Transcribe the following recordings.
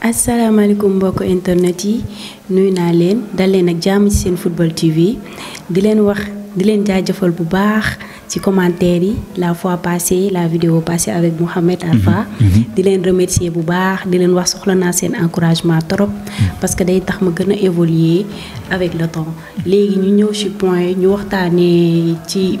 asalaamaaleykum mbok internet yi nuyu naa leen dal len ak jam ci sen football TV di len wax di len jaajeufal bu baax ci commentaire yi la fois passée la vidéo passée avec Mohamed Alpha mhm, mhm. di len remercier bu baax di len wax soxla na sen encouragement trop parce que day tax ma gëna évoluer avec le temps légui ñu ñëw ci point ñu waxtane ci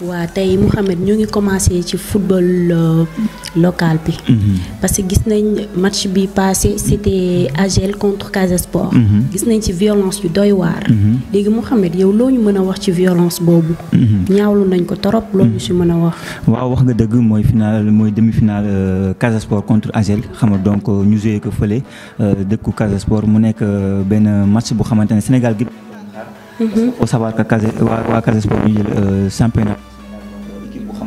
waa tey Mouhamed ñu ngi commencé ci football euh, local bi. Mhm. parce que gis nañ match bi passé c'était AGEL contre Casa Sport. Mhm. gis nañ ci violence yu doy waar. Mhm. léegi Mouhamed yow loo ñu mën a wax ci violence boobu. ñaawlu nañ ko trop loo ñu si mën a wax. waaw wax nga dëgg mooy final mooy demi-finale euh, Casa Sport contre AGEL xam nga donc euh, ñu joué ko fële dëkku Casa Sport mu nekk benn match bu xamante ne Sénégal gi. au savoir que Casa waa waa Casa Sport ñu jël championnat.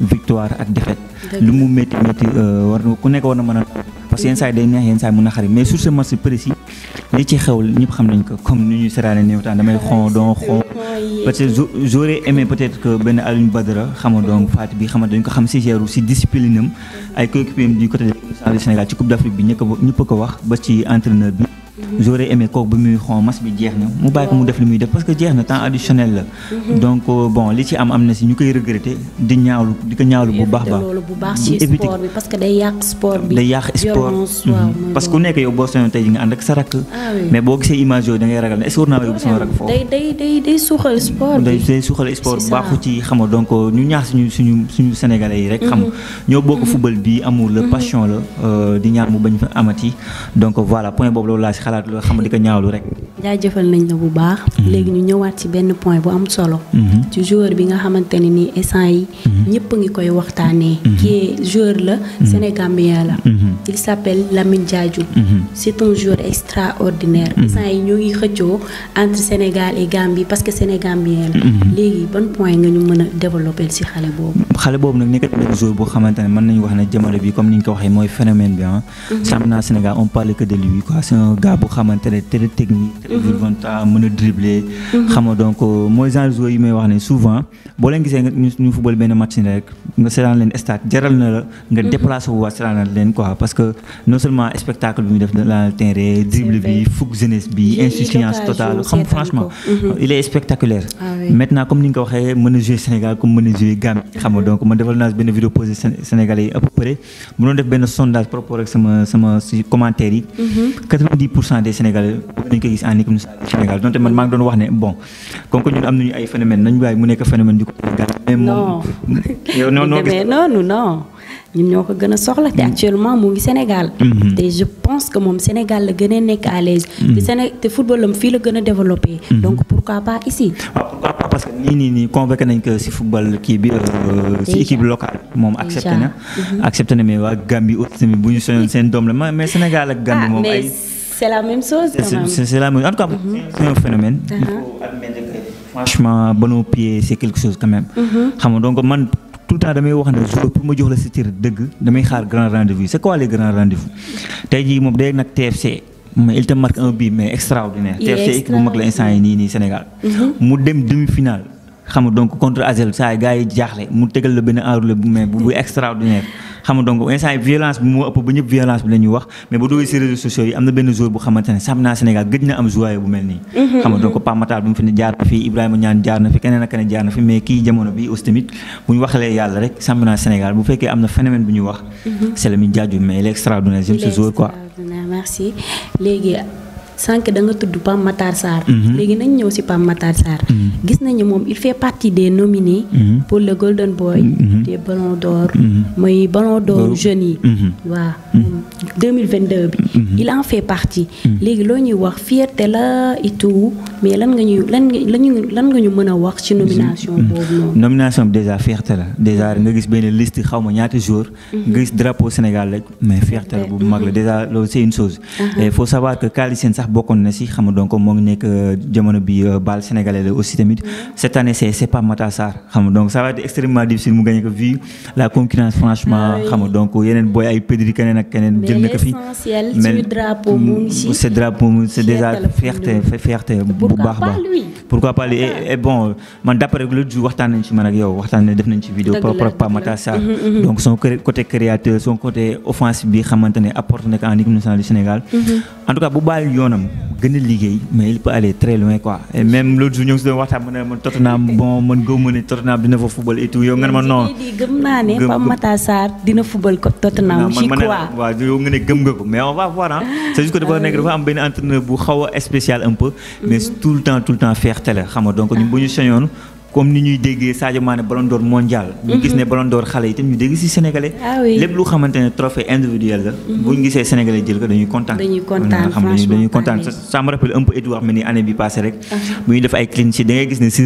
victoire ak défaite lu mu métti métti euh, ku nekk war na mën a parce que yenn saa yi day neex yenn saa yi mën a xari mais sur ce match précis li ci xew ñëpp xam nañ ko comme ni ñu seraane néew temps damay xon don xon parce que j'aurais aimé peut-être que benn Alioune Badara xama donc Fatick bi xama dañ ko xam si géru si discipline am ay coéquipier du côté du Sénégal ci Coupe d'Afrique bi ñëpp ko wax ba ci entraîneur bi j'aurais aimé kooku bu muy xom mas bi jeex na mu bàyyi ko mu def limuy def parce que jeex na temps additionnel la mhm. donc euh, bon li ci am am na si ñu koy regretter di ñaawlu di ko ñaawlu bu baax baax ci sport bi parce que day yàq sport bi day yàq sport mhm. parce que nek yow bo soñoon tay ji nga and ak sarak ah mais bo gisee image yooyu da ngay ragal ne est-ce que war naa yóbbu sama rakk foofu day day day suuxal sport bi day suuxal sport baaxu ci xam donc euh, ñu ñaax suñu suñu suñu sénégalais yi rek xam mhm. ñoo bokk football bi amul le passion la euh, di ñaax mu bañ fa amati donc voilà point bobu loolu la si xalaat loo xam di ko lu rek. jaajëfal nañ la bu baax. Mhm. léegi ñu ñëwaat ci benn point bu am solo. Mhm. ci joueur bi nga xamante ne nii instant yi mhm. ñëpp ngi koy waxtaanee. kii joueur la. sénégambien la. il s'appelle Lamine Diadio. c'est un joueur extraordinaire. instant yi ñoo ngi xëccoo entre Sénégal et Gambie parce que sénégambien la. léegi ban point nga ñu mën a développer ci xale boobu. xale boobu nag nekk na joueur boo xamante ne mën nañu wax ne jamono bi comme ni ko waxee mooy phénomène bi ah. poids bu xamante ne très technique. Mhm. très virevoltant mën a dribbler. Mhm. xam donc euh, mooy genre joueur yi may wax ne souvent boo leen gisee ñu football benn match rek nga seetaan leen stade jaral na la nga mhm. déplacé wu waa seetaan leen quoi parce que non seulement spectacle bi mu def la terrain dribble bi fukk jeunesse bi insouciance totale xam franchement il est spectaculaire. Ah maintenant comme ni nga ko waxee mën a jouer Sénégal comme mën a jouer Gambie xam nga donc man defal naa benn vidéo posé Sénégalais yi à peu près mu def benn sondage par rapport sama sama commentaire yi. 90 des Sénégalais en bon non non non non mm-hmm. actuellement Sénégal mm-hmm. je pense que mon Sénégal est à l'aise mm-hmm. football est donc pourquoi pas ici ah, parce que football euh, équipe locale mais Sénégal ah, c'est la même chose C'est la même En tout cas, mm -hmm. c'est un phénomène. Uh -huh. Il faut admettre que franchement, bon pied, c'est quelque chose quand même. Mm -hmm. Donc, moi, tout le temps damay wax ne jour pour me jox la sa cër dëgg damay xaar grand rendez-vous c'est quoi les grands rendez-vous tey jii moom day nak TFC mais il te marque un but mais extraordinaire TFC il bu mag la instant yi nii nii Sénégal mm-hmm. mu dem demi-finale xam contre Asel saa yi gars yi jaaxle mu tegal la benn enroulé bu mais bu extraordinaire xam nga donc yi violence bi moo ëpp ba ñëpp violence bi la wax mais ba duggee si réseaux sociaux yi am na benn jour bu xamante ne Sénégal gëj na am joie bu mel nii mhm. xam nga donc Pape Matar bi mu fi ne jaar na fi Ibrahima Niane jaar na fi keneen ak keneen jaar na fi mais kii jamono bi aussi tamit bu ñu waxalee yàlla rek sàmm naa Sénégal bu fekkee am sànq da nga tudd Pape Matar Sarr. Mhm. legui nañ ñëw ci pam Matar Sarr. Mhm. gis nañ mom il fait partie des nominés. Mhm. pour le Golden Boy. des Ballon d'Or. mooy Ballon d'Or jeune wa 2022 bi. il en fait partie. legui loo ñuy wax fierté la et tout mais lan nga ñuy lan nga lan nga ñu mëna wax ci nomination bobu nomination déjà fierté la déjà nga gis benn liste xawma ma ñaata jours. nga gis drapeau Sénégal mais fierté bu mag la déjà c'est une chose. il uh-huh. faut savoir que Kaly sax sax bokkoon na si xam donc mo ngi nek euh, jamono bi euh, bal sénégalais la aussi tamit mm-hmm. cette année c'est c'est pas Mata xam donc ça va être extrêmement difficile mu gagner ko vu la concurrence franchement ah xam donc yenen boy ay pédri keneen ak keneen jël na fi mais drapeau mu ngi drapeau mu c'est déjà fierté fierté bu baax ba pourquoi pas lui et eh, eh bon man d'après l'autre jour waxtaan nañ ci man ak yow waxtaan nañ def nañ ci vidéo propre pas Mata mm-hmm, mm-hmm. donc son côté créateur son côté offensif bi xamante apporte nek en équipe nationale du Sénégal en tout cas bu bal yoon kanam liggéey mais il peut aller très loin quoi et même l'autre jour ñu ngi si doon waxtaan mu ne man Tottenham bon man gëw ma ne Tottenham dina fa football et tout yow nga ne ma non. gëm naa ne Pape Matar Sarr dina football ko Tottenham. j'y quoi. waaw yow nga ne gëm nga ko mais on va voir ah. c'est juste que dafa nekk dafa am benn entraîneur bu xaw a spécial un peu. mais mm-hmm. tout le temps tout le temps faire télé xam nga donc ñun bu ñu sañoon. comme ni ñuy déggé Sadio Mané ballon d'or mondial ñu gis mhm. né ballon d'or xalé itam ñu dégg ci sénégalais ah lepp lu xamantene trophée individuel la mhm. bu ñu gisee sénégalais jël ko dañuy content dañuy content dañuy content ça me rappelle un peu Edouard Mendy année bi passé rek bu ah. ñu def ay clean sheet da ngay gis né ci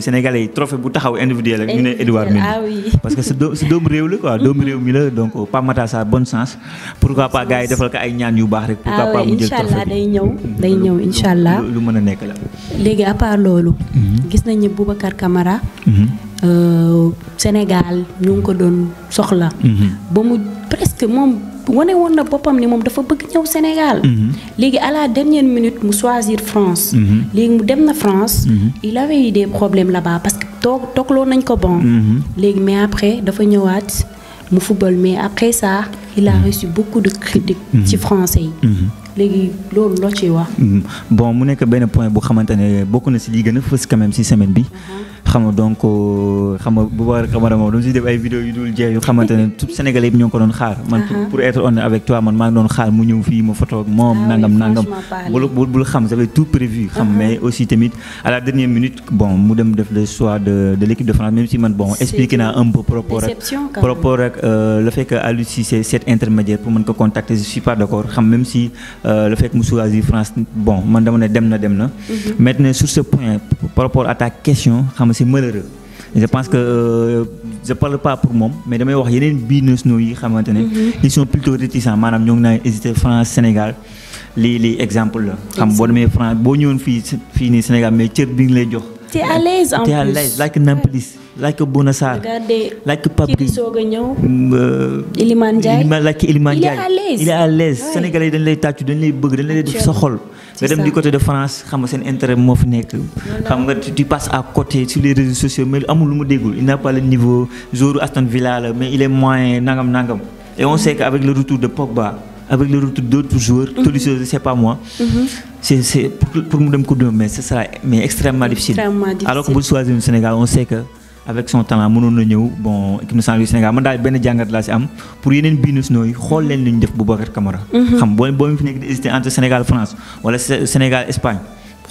sénégalais trophée bu taxaw individuel rek ñu né Edouard Mendy ah parce que ce dom rew la quoi dom rew mi la donc euh, pas mata sa bonne chance pourquoi pas gaay defal ko ay ñaan yu baax rek pourquoi pas mu jël trophée day ñew day ñew inshallah lu mëna nekk la légui à part lolu mhm. gis nañ ni Boubacar Camara. Euh, Sénégal ñu ko doon soxla. ba mu presque mom woné woon na pas ni mom dafa bëgg ñëw Sénégal. légui à la dernière minute mu choisir France. légui mu dem na France. il avait eu des problèmes là-bas parce que toog toogloo nañ ko bon. légui mais après dafa ñëwaat mu football mais après ça il a reçu beaucoup de critiques ci mhm. français léegi loolu loo ciy wax. Mhm. bon mu nekk ben point bu xamante ne bokk na si ne gën quand même si semaine bi. Mhm. xam nga donc euh, xam nga bu baax xam nga moom dama def ay vidéo yu dul tout Sénégalais yëpp ñoo xaar. man uh-huh. pour être honnête avec toi man maa ngi doon xaar mu photo ak moom. Ah nangam nangam bul bul xam tout prévu. xam uh-huh. mais aussi tamit à la dernière minute bon mu dem def le de de l'équipe de France même si man bon expliquer naa un peu. propos propos euh, le fait que Aliou Cissé c'est intermédiaire pour mën contact contacter je suis pas d'accord accord xam même si. Euh, le fait que mu choisir France bon man dama mhm. maintenant sur ce point par rapport à ta question c'est malheureux. je pense que euh, je parle pas pour moi, mais damay wax yeneen des nationaux yi mhm. ils sont plutôt réticents Madame, nous, ngi hésité France Sénégal les exemples, comme la. France boo ñëwoon Sénégal mais tu bi ngi lay jox. es à l'aise en plus t'es à l'aise like laaj ko Bouna Sarr laaj ko Pape mm, euh, Iliman il est à l'aise sénégalais dans dañ lay tàccu dañ lay bëgg dañ lay def sa xol nga dem du côté de France xam nga seen intérêt moo fi tu passes à côté sur les réseaux sociaux mais amul lu mu il n'a pas le niveau joueur Aston Villa mais il est moins, nangam nangam et on sait mm-hmm. qu'avec le retour de Pogba avec le retour d'autres joueurs mm-hmm. joueurs, c'est pas moi mm-hmm. c'est c'est pour mu dem ko mais ce sera mais extrêmement difficile alors que bu le Sénégal on sait que avec son talent mënoon na ñëw bon équipe nationale du Sénégal man daal benn jàngat laa si am pour yeneen biinus nooyu xool leen li ñu def bu Boubacar Camara mhm. xam boo boo fi nekk di hésité entre Sénégal France wala Sénégal Espagne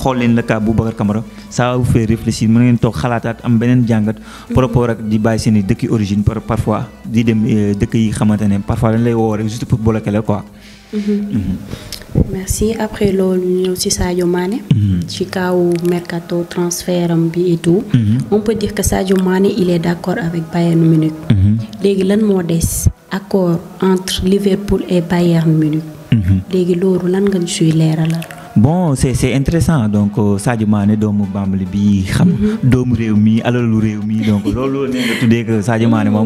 xool leen le cas bu Boubacar Camara ça va vous faire réfléchir mën ngeen toog xalaataat am beneen jàngat par mhm. rapport ak di bàyyi seeni dëkk origine par parfois di dem euh, dëkk yi xamante ne parfois dañ lay woo rek juste pour bloquer la quoi mhm merci après l'union de Sadio Mané. Mhm. ci mercato transfert am bi et tout. Mhm. on peut dire que Sadio Mané il est d'accord avec Bayern Munich. Mhm. léegi lan moo accord entre Liverpool et Bayern Munich. léegi loolu lan nga ñu bon c'est intéressant donc euh, Sadio Mané doomu bambli bi xam mhm. doomu rew mi alalu rew mi donc lolu ne nga que Sadio Mané mhm.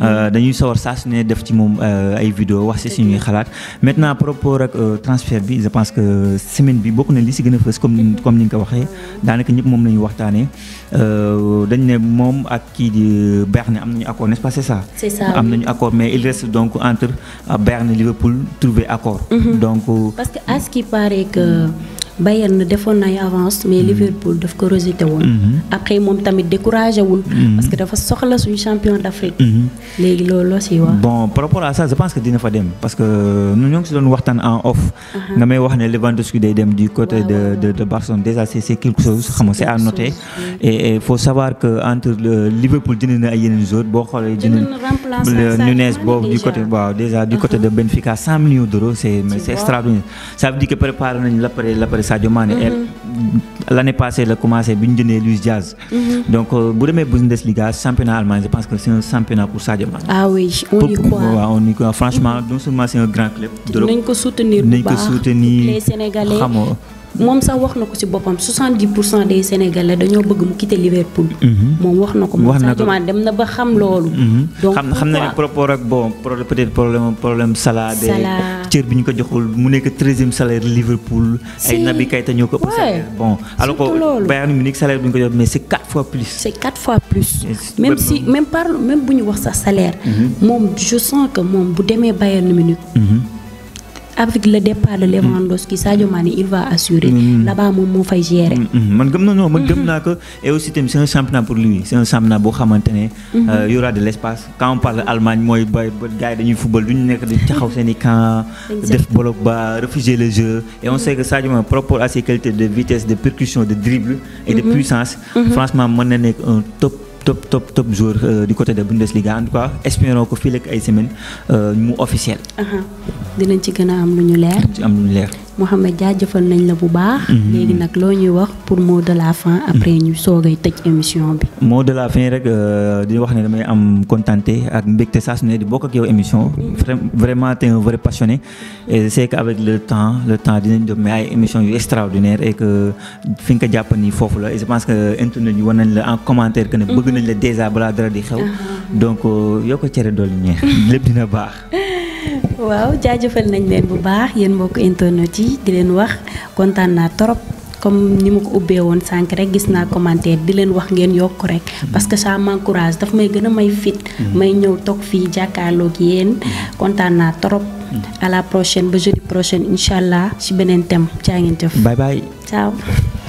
euh dañuy sawar saa su def ci moom euh, ay vidéo wax ci suñuy xalaat maintenant par rapport ak transfert bi je pense que semaine bi bokk na li ci gëna a comme comme ni nga waxé danaka ñep mom moom waxtané euh dañ né mom ak ki di euh, Berne am nañu accord n'est-ce pas c'est ça amnañu accord mais il reste donc entre Berne Liverpool trouver accord mhm. donc parce que à ce qui paraît que ano. Bayern ne défend ay avance mais mm-hmm. Liverpool daf ko rejeté woon. Mm-hmm. après moom tamit découragé wul. Mm-hmm. parce que dafa soxla suñu champion d'Afrique Afrique. léegi loolu wa bon par rapport à ça je pense que dina fa parce que euh, nous ñoo ngi si doon en off. nga uh-huh. may wax ne Lewandowski day dem du côté de de de Barcelone déjà c'est quelque chose xam nga c'est à noter. et il faut savoir que entre le Liverpool jënd na ay yeneen joueurs boo xoolee. jënd na Nunez du côté waaw déjà du uh-huh. côté de Benfica 100 millions d'euros c'est c'est extraordinaire ça veut dire que préparer nañu l' après Sadio Mané. Mhm. Elle, l'année passée a commencé à ñu Luis Diaz. Mhm. donc pour euh, demee Bundesliga championnat allemand je pense que c'est un championnat pour Sadio ah oui on y croit waaw on y croit franchement mhm. non seulement c'est un grand club. nañ ko soutenir soutenir. les Sénégalais moom sax wax na ko ci boppam 70 pour cent des sénégalais dañoo bëgg mu quitter Liverpool. Mhm. moom wax na ko moom sax dem na ba xam loolu. Mhm. donc xam xam na ne propos ak bon peut-être problème problème Salah. Salah cër bi ñu ko joxul mu nekk 13e salaire Liverpool. ay Naby Keita ñoo ko ëpp salaire bon alors que Bayern Munich salaire bi ñu ko jox mais c'est quatre fois plus. c'est quatre fois plus. même si même par même bu ñu wax sa salaire. Mhm. moom je sens que moom bu demee Bayern Munich. avec le départ de Lewandowski Sadio Mané il va assurer. Mm-hmm. là-bas mon moo fay gérer. Mm-hmm. Mm-hmm. man gëm non man gëm que et aussi c'est un championnat pour lui c'est un championnat boo xamante il euh, y aura de l'espace quand on parle d'Allemagne moi il gars yi dañuy football qui ñu de di taxaw seen i def refuser le jeu. et on sait que Sadio Mané propre à ses qualités de vitesse de percussion de dribble. et de puissance. franchement mon est un top top top top joueur euh, du côté de Bundesliga en tout cas espérons que fii ak ay semaine euh, mu officiel. dinañ ci gëna am lu ñu leer. am lu ñu leer. Mouhamed jëfël nañ la bu baax. Mhm. légui nak lo ñuy wax pour mot de la fin après mhm. ñu sogay tëj émission bi. mot de la fin rek euh, di wax ne damay am contenté ak mbégte sa su ne di bokk ak yow émission vraiment t'es un vrai passionné et c'est qu'avec le temps le temps dinañ def mais émission yu extraordinaire et que fi nga japp ni fofu la et je pense que internet ñu war nañ la en commentaire que ne bëgg yóbbu dèjà balaa di xew. Uh-huh. donc euh, yoo cere dool ñeex baax. waaw jaajëfal nañ leen bu baax yéen mbokk internet yi di leen wax kontaan naa trop. comme ni ma ko ubbee woon sànq rek gis naa commentaire di leen wax ngeen yokk rek mm-hmm. parce que ça m'encourage daf may gën a may fit. Mm-hmm. may ñëw toog fii jàkkaarloog yéen mm-hmm. kontaan naa trop. à la prochaine ba jeudi prochaine incha allah ci beneen thème jaa ngeen jëf. bye bye